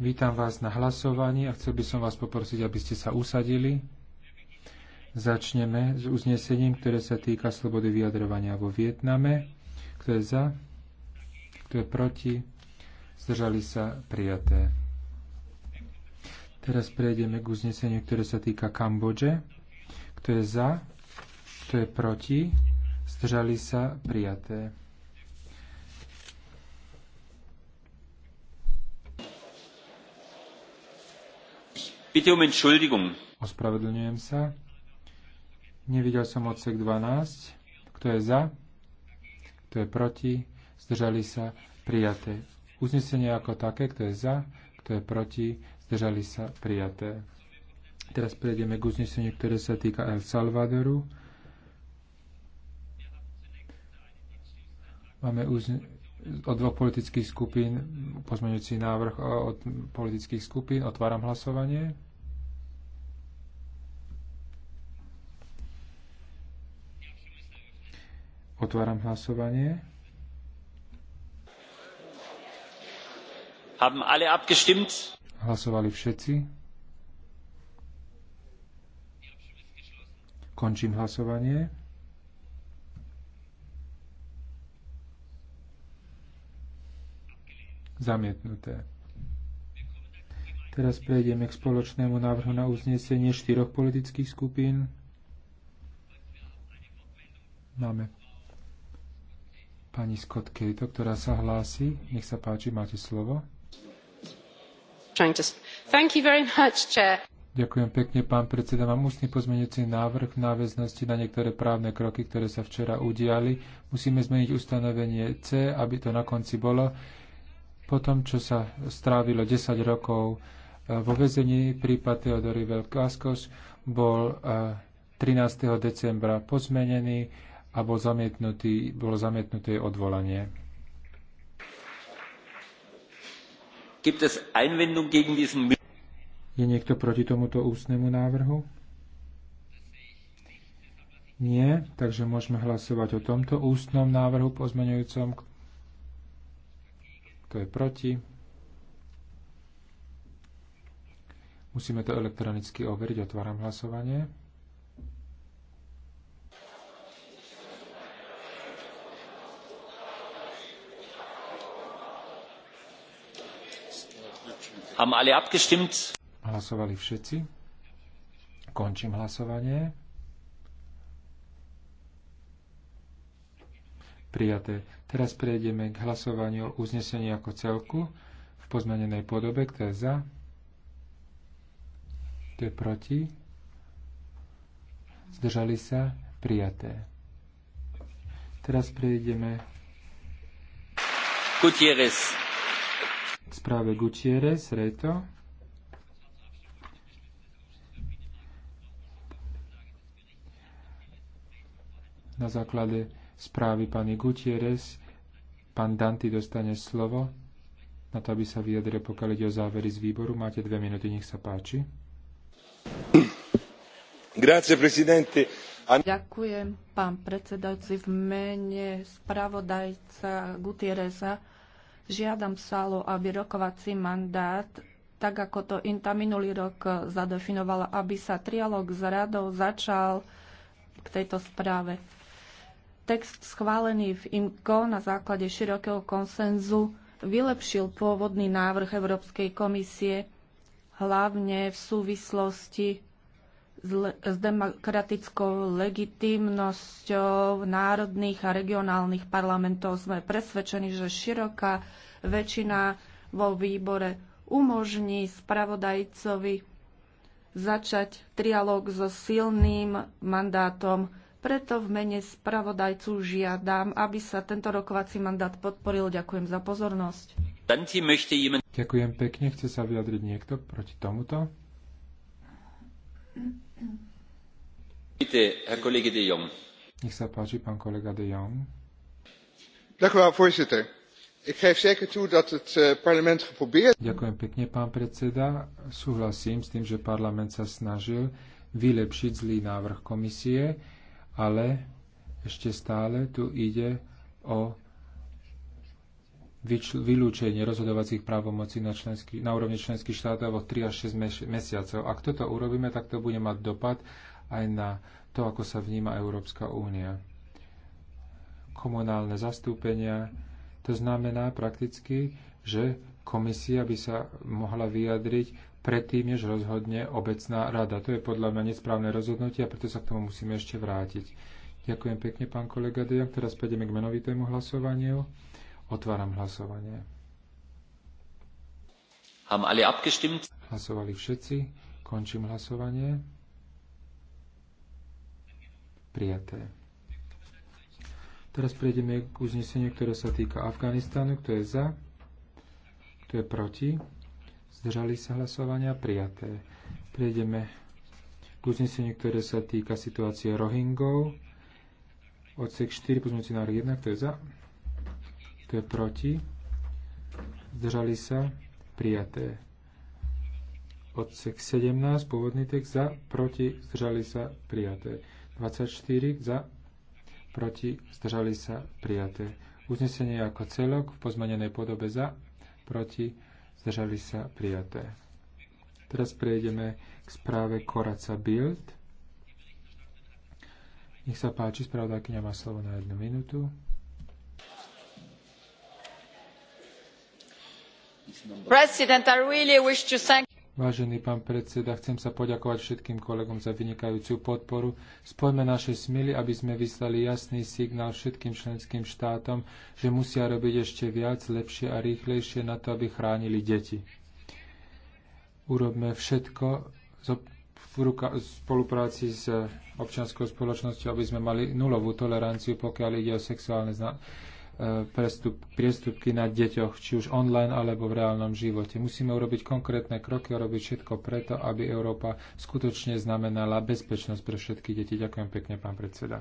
Vítam vás na hlasovaní a chcel by som vás poprosiť, aby ste sa usadili. Začneme s uznesením, ktoré sa týka slobody vyjadrovania vo Vietname. Kto je za? Kto je proti? Zdržali sa prijaté. Teraz prejdeme k uzneseniu, ktoré sa týka Kambodže. Kto je za? Kto je proti? Zdržali sa prijaté. Bitte um Entschuldigung. Ospravedlňujem sa. Nevidel som odsek 12. Kto je za? Kto je proti? Zdržali sa? Prijaté. Uznesenie ako také, kto je za, kto je proti, zdržali sa prijaté. Teraz prejdeme k uzneseniu, ktoré sa týka El Salvadoru. Máme uzne- od dvoch politických skupín pozmeňujúci návrh od politických skupín. Otváram hlasovanie. Otváram hlasovanie. Haben alle abgestimmt? Hlasovali všetci. Končím hlasovanie. Zamietnuté. Teraz prejdeme k spoločnému návrhu na uznesenie štyroch politických skupín. Máme pani Scott Cato, ktorá sa hlási. Nech sa páči, máte slovo. Thank you very much, Chair. Ďakujem pekne, pán predseda. Mám ústny pozmeňujúci návrh v náväznosti na niektoré právne kroky, ktoré sa včera udiali. Musíme zmeniť ustanovenie C, aby to na konci bolo. Po tom, čo sa strávilo 10 rokov e, vo vezení, prípad Teodory Velkáskos bol 13. E, decembra pozmenený a bol zamietnutý, bolo zamietnuté odvolanie. Gibt es Einwendung gegen diesen... Je niekto proti tomuto ústnemu návrhu? Nie, takže môžeme hlasovať o tomto ústnom návrhu pozmeňujúcom. Kto je proti? Musíme to elektronicky overiť. Otváram hlasovanie. Haben alle abgestimmt? Hlasovali všetci. Končím hlasovanie. Prijaté. Teraz prejdeme k hlasovaniu o uznesení ako celku v pozmenenej podobe. Kto je za? Kto je proti? Zdržali sa? Prijaté. Teraz prejdeme Gutierrez správe Gutierrez, Reto. Na základe správy pani Gutierrez pán Danti dostane slovo na to, aby sa vyjadril, pokiaľ ide o závery z výboru. Máte dve minúty, nech sa páči. Grazie, presidente. Ďakujem, pán predsedajúci. V mene spravodajca Gutierreza Žiadam sálu, aby rokovací mandát, tak ako to INTA minulý rok zadefinovala, aby sa trialog s radou začal k tejto správe. Text schválený v IMCO na základe širokého konsenzu vylepšil pôvodný návrh Európskej komisie, hlavne v súvislosti s demokratickou legitimnosťou národných a regionálnych parlamentov. Sme presvedčení, že široká väčšina vo výbore umožní spravodajcovi začať trialóg so silným mandátom. Preto v mene spravodajcu žiadam, aby sa tento rokovací mandát podporil. Ďakujem za pozornosť. Ďakujem pekne. Chce sa vyjadriť niekto proti tomuto? Ďakujem pekne, pán predseda. Súhlasím s tým, že parlament sa snažil vylepšiť zlý návrh komisie, ale ešte stále tu ide o vylúčenie rozhodovacích právomocí na, členský, na úrovni členských štátov o 3 až 6 mesiacov. Ak toto urobíme, tak to bude mať dopad aj na to, ako sa vníma Európska únia. Komunálne zastúpenia, to znamená prakticky, že komisia by sa mohla vyjadriť predtým, než rozhodne obecná rada. To je podľa mňa nesprávne rozhodnutie a preto sa k tomu musíme ešte vrátiť. Ďakujem pekne, pán kolega Dejak. Teraz prejdeme k menovitému hlasovaniu. Otváram hlasovanie. Haben alle abgestimmt? Hlasovali všetci. Končím hlasovanie. Prijaté. Teraz prejdeme k uzneseniu, ktoré sa týka Afganistanu. Kto je za? Kto je proti? Zdržali sa hlasovania? Prijaté. Prejdeme k uzneseniu, ktoré sa týka situácie Rohingov. Odsek 4, pozmúci návrh 1. Kto je za? To je proti? Zdržali sa? Prijaté. Odsek 17, pôvodný text za, proti, zdržali sa, prijaté. 24 za, proti, zdržali sa, prijaté. Uznesenie ako celok v pozmenenej podobe za, proti, zdržali sa, prijaté. Teraz prejdeme k správe Koraca Bild. Nech sa páči, spravodajkyňa má slovo na jednu minútu. Vážený pán predseda, chcem sa poďakovať všetkým kolegom za vynikajúcu podporu. Spojme naše smily, aby sme vyslali jasný signál všetkým členským štátom, že musia robiť ešte viac, lepšie a rýchlejšie na to, aby chránili deti. Urobme všetko v spolupráci s eh, občianskou spoločnosťou, aby sme mali nulovú toleranciu, pokiaľ ide o sexuálne zna- prestup, priestupky na deťoch, či už online alebo v reálnom živote. Musíme urobiť konkrétne kroky a robiť všetko preto, aby Európa skutočne znamenala bezpečnosť pre všetky deti. Ďakujem pekne, pán predseda.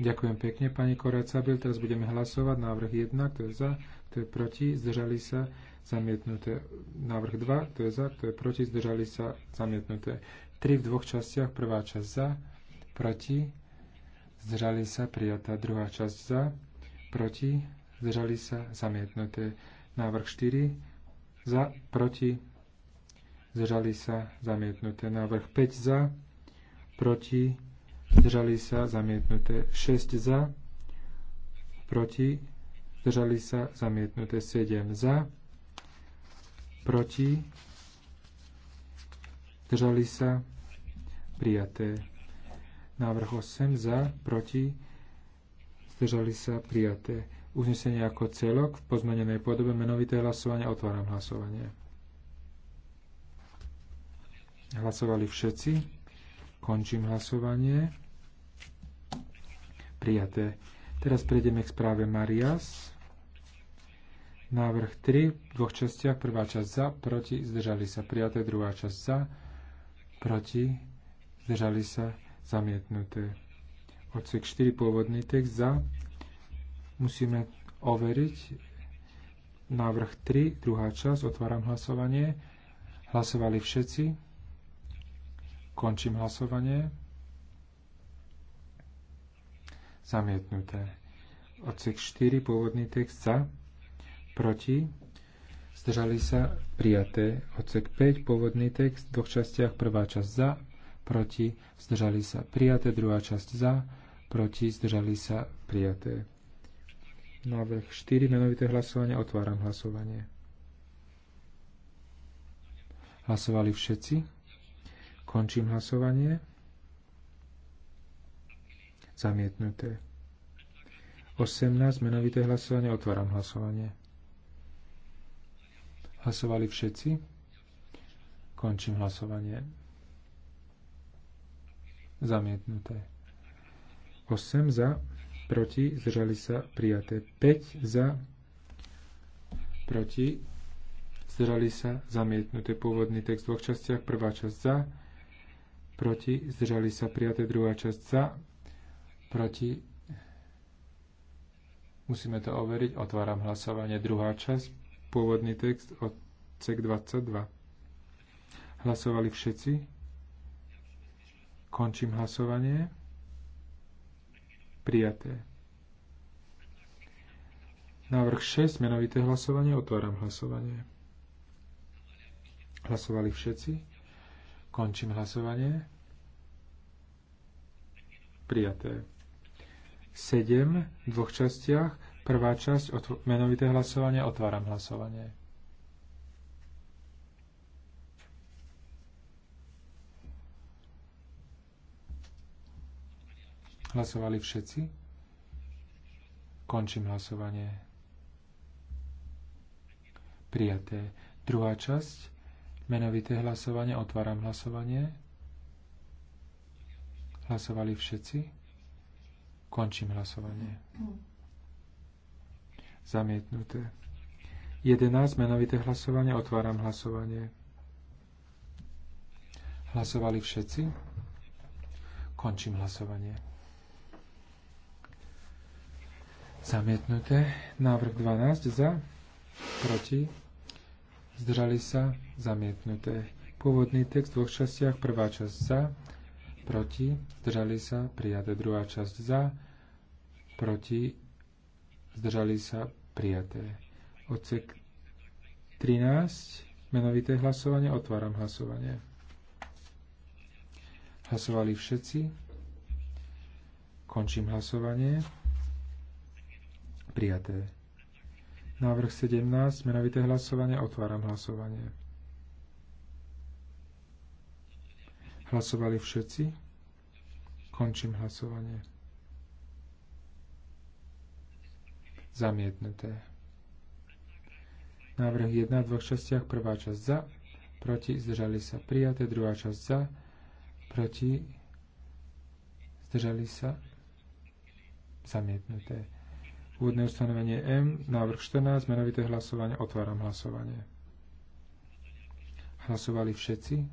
Ďakujem pekne, pani Koracabel. Teraz budeme hlasovať návrh 1, kto je za, kto je proti, zdržali sa, zamietnuté. Návrh 2, kto je za, kto je proti, zdržali sa, zamietnuté. 3 v dvoch častiach, prvá časť za, proti, zdržali sa prijatá. Druhá časť za, proti, zdržali sa zamietnuté. Návrh 4 za, proti, zdržali sa zamietnuté. Návrh 5 za, proti, zdržali sa zamietnuté. 6 za, proti, zdržali sa zamietnuté. 7 za, proti, zdržali sa prijaté. Návrh 8 za, proti, zdržali sa prijaté. Uznesenie ako celok v pozmenenej podobe menovité hlasovanie. Otváram hlasovanie. Hlasovali všetci. Končím hlasovanie. Prijaté. Teraz prejdeme k správe Marias. Návrh 3 v dvoch častiach. Prvá časť za, proti, zdržali sa prijaté. Druhá časť za, proti, zdržali sa prijaté zamietnuté. Odsek 4, pôvodný text za. Musíme overiť. Návrh 3, druhá časť, otváram hlasovanie. Hlasovali všetci. Končím hlasovanie. Zamietnuté. Odsek 4, pôvodný text za. Proti. Zdržali sa prijaté. Odsek 5, pôvodný text, v dvoch častiach, prvá časť za, proti, zdržali sa prijaté, druhá časť za, proti, zdržali sa prijaté. Návrh 4, menovité hlasovanie, otváram hlasovanie. Hlasovali všetci. Končím hlasovanie. Zamietnuté. 18, menovité hlasovanie, otváram hlasovanie. Hlasovali všetci. Končím hlasovanie zamietnuté. 8 za, proti, zdržali sa, prijaté. 5 za, proti, zdržali sa, zamietnuté. Pôvodný text v dvoch častiach, prvá časť za, proti, zdržali sa, prijaté. Druhá časť za, proti, musíme to overiť, otváram hlasovanie. Druhá časť, pôvodný text od CEK 22. Hlasovali všetci? Končím hlasovanie. Prijaté. Návrh 6, menovité hlasovanie, otváram hlasovanie. Hlasovali všetci. Končím hlasovanie. Prijaté. 7 v dvoch častiach. Prvá časť, menovité hlasovanie, otváram hlasovanie. Hlasovali všetci? Končím hlasovanie. Prijaté. Druhá časť. Menovité hlasovanie. Otváram hlasovanie. Hlasovali všetci? Končím hlasovanie. Zamietnuté. 11. Menovité hlasovanie. Otváram hlasovanie. Hlasovali všetci? Končím hlasovanie. Zamietnuté. Návrh 12 za, proti, zdržali sa, zamietnuté. Pôvodný text v dvoch častiach, prvá časť za, proti, zdržali sa, prijaté. Druhá časť za, proti, zdržali sa, prijaté. Odsek 13, menovité hlasovanie, otváram hlasovanie. Hlasovali všetci. Končím hlasovanie. Prijaté. Návrh 17, menovité hlasovanie, otváram hlasovanie. Hlasovali všetci? Končím hlasovanie. Zamietnuté. Návrh 1 v dvoch častiach, prvá časť za, proti, zdržali sa prijaté, druhá časť za, proti, zdržali sa zamietnuté. Úvodné ustanovenie M, návrh 14, menovité hlasovanie, otváram hlasovanie. Hlasovali všetci?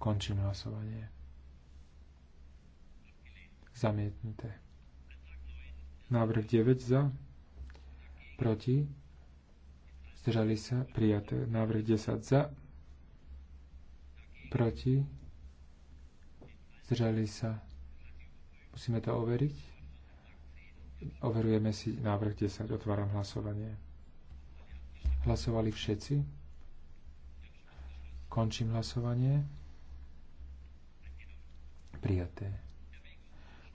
Končím hlasovanie. Zamietnuté. Návrh 9 za, proti, zdržali sa, prijaté. Návrh 10 za, proti, zdržali sa, Musíme to overiť. Overujeme si návrh 10. Otváram hlasovanie. Hlasovali všetci. Končím hlasovanie. Prijaté.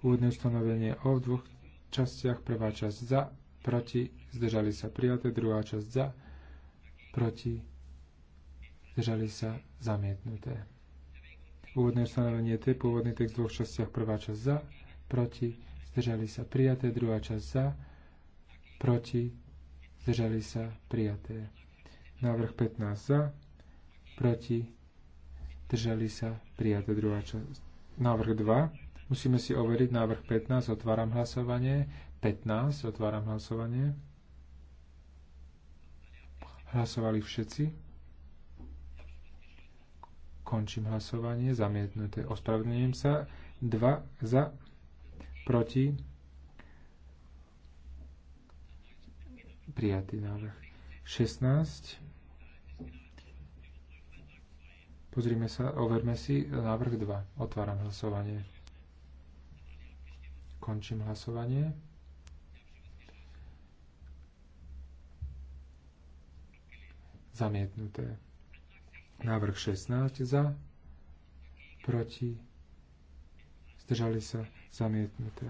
Úvodné ustanovenie o v dvoch častiach. Prvá časť za, proti, zdržali sa prijaté. Druhá časť za, proti, zdržali sa zamietnuté. Úvodné ustanovenie T, pôvodný text v dvoch častiach, prvá časť za, proti, zdržali sa prijaté, druhá časť za, proti, zdržali sa prijaté. Návrh 15 za, proti, zdržali sa prijaté, druhá časť. Návrh 2, musíme si overiť návrh 15, otváram hlasovanie, 15, otváram hlasovanie. Hlasovali všetci. Končím hlasovanie. Zamietnuté. Ospravedlňujem sa. 2 za, Proti? Prijatý návrh. 16. Pozrime sa, overme si návrh 2. Otváram hlasovanie. Končím hlasovanie. Zamietnuté. Návrh 16 za, proti, zdržali sa Zamietnuté.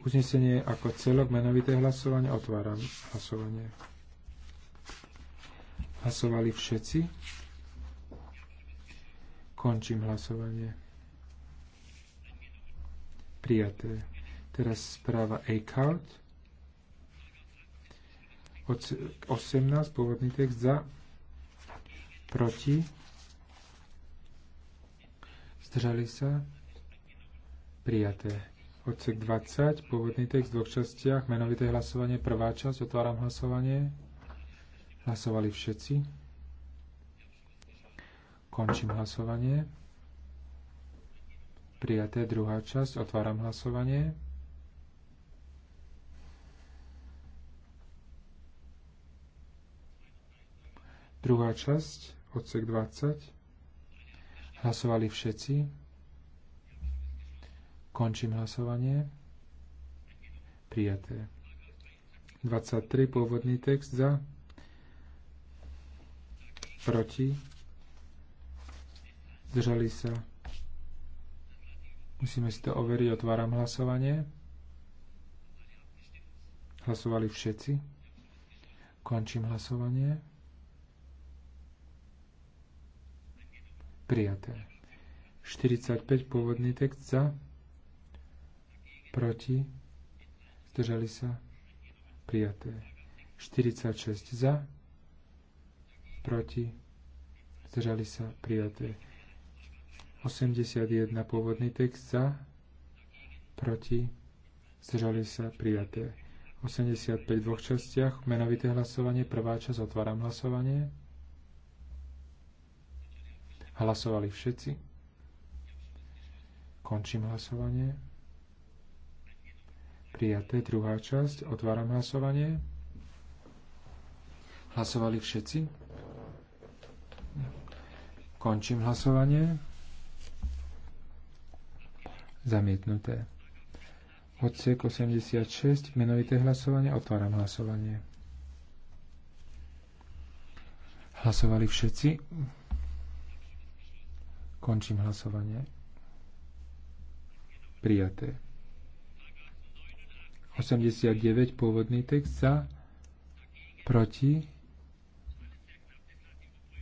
Uznesenie ako celok menovité hlasovanie. Otváram hlasovanie. Hlasovali všetci. Končím hlasovanie. Prijaté. Teraz správa ACOUT. 18, pôvodný text za, proti, zdržali sa, Prijaté. Odsek 20, pôvodný text v dvoch častiach, menovité hlasovanie, prvá časť, otváram hlasovanie. Hlasovali všetci. Končím hlasovanie. Prijaté druhá časť, otváram hlasovanie. Druhá časť, odsek 20. Hlasovali všetci. Končím hlasovanie. Prijaté. 23. Pôvodný text za. Proti. Zdržali sa. Musíme si to overiť. Otváram hlasovanie. Hlasovali všetci. Končím hlasovanie. Prijaté. 45 pôvodný text za proti, zdržali sa, prijaté. 46 za, proti, zdržali sa, prijaté. 81 pôvodný text za, proti, zdržali sa, prijaté. 85 v dvoch častiach, menovité hlasovanie, prvá časť, otváram hlasovanie. Hlasovali všetci. Končím hlasovanie. Prijaté druhá časť. Otváram hlasovanie. Hlasovali všetci? Končím hlasovanie. Zamietnuté. Odsek 86, menovité hlasovanie, otváram hlasovanie. Hlasovali všetci. Končím hlasovanie. Prijaté. 89 pôvodný text za, proti.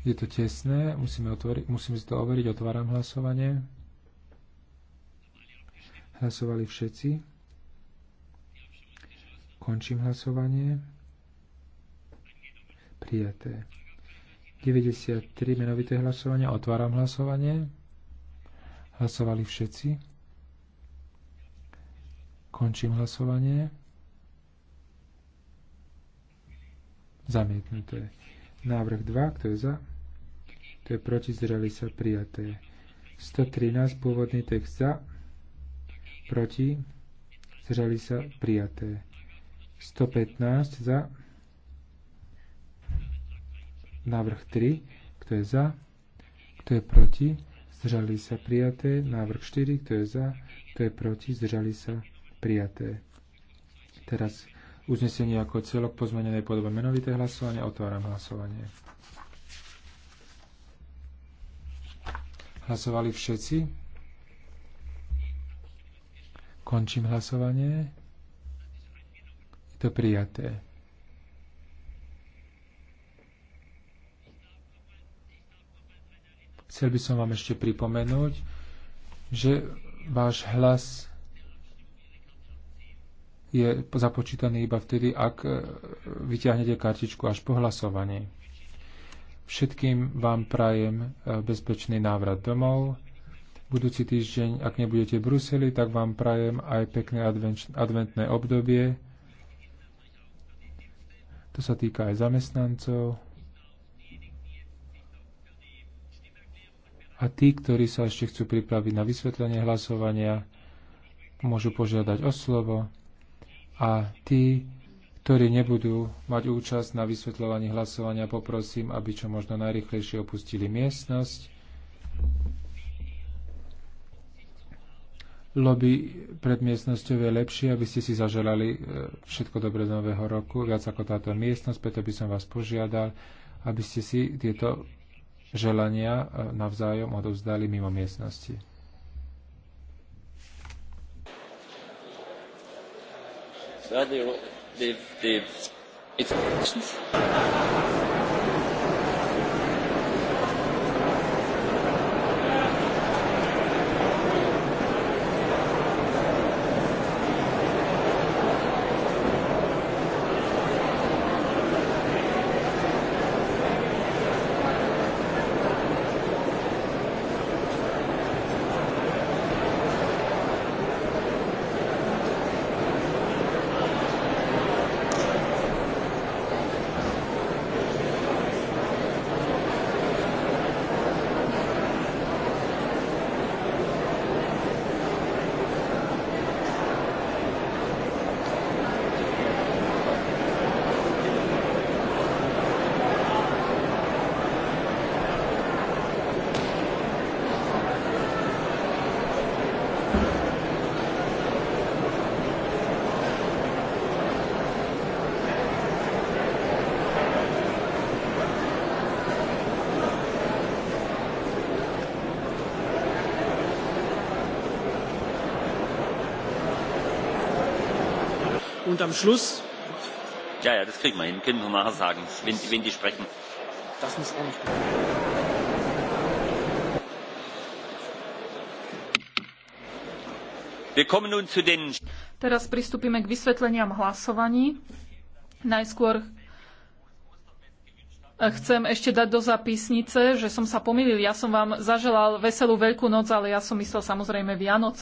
Je to tesné, musíme, otvoriť, musíme si to overiť, otváram hlasovanie. Hlasovali všetci. Končím hlasovanie. Prijaté. 93 menovité hlasovanie. Otváram hlasovanie. Hlasovali všetci. Končím hlasovanie. Zamietnuté. Návrh 2, kto je za? Kto je proti, zdržali sa prijaté. 113, pôvodný text za, proti, zdržali sa prijaté. 115 za, návrh 3, kto je za, kto je proti, zdržali sa prijaté. Návrh 4, kto je za, kto je proti, zdržali sa prijaté prijaté. Teraz uznesenie ako celok pozmenenej podobe menovité hlasovanie. Otváram hlasovanie. Hlasovali všetci? Končím hlasovanie. Je to prijaté. Chcel by som vám ešte pripomenúť, že váš hlas je započítaný iba vtedy, ak e, vyťahnete kartičku až po hlasovaní. Všetkým vám prajem e, bezpečný návrat domov. Budúci týždeň, ak nebudete v Bruseli, tak vám prajem aj pekné advenč, adventné obdobie. To sa týka aj zamestnancov. A tí, ktorí sa ešte chcú pripraviť na vysvetlenie hlasovania, môžu požiadať o slovo a tí, ktorí nebudú mať účasť na vysvetľovaní hlasovania, poprosím, aby čo možno najrychlejšie opustili miestnosť. Lobby pred miestnosťou je lepšie, aby ste si zaželali e, všetko dobre do nového roku, viac ako táto miestnosť, preto by som vás požiadal, aby ste si tieto želania e, navzájom odovzdali mimo miestnosti. well, they've, they've, it's Und am Schluss. Ja, ja, das kriegen wir hin. Können wir nachher sagen, wenn, wenn die sprechen. Das muss auch nicht passieren. Teraz pristúpime k vysvetleniam hlasovaní. Najskôr eh, chcem ešte dať do zapisnice, že som sa pomýlil. Ja som vám zaželal veselú veľkú noc, ale ja som myslel samozrejme Vianoc.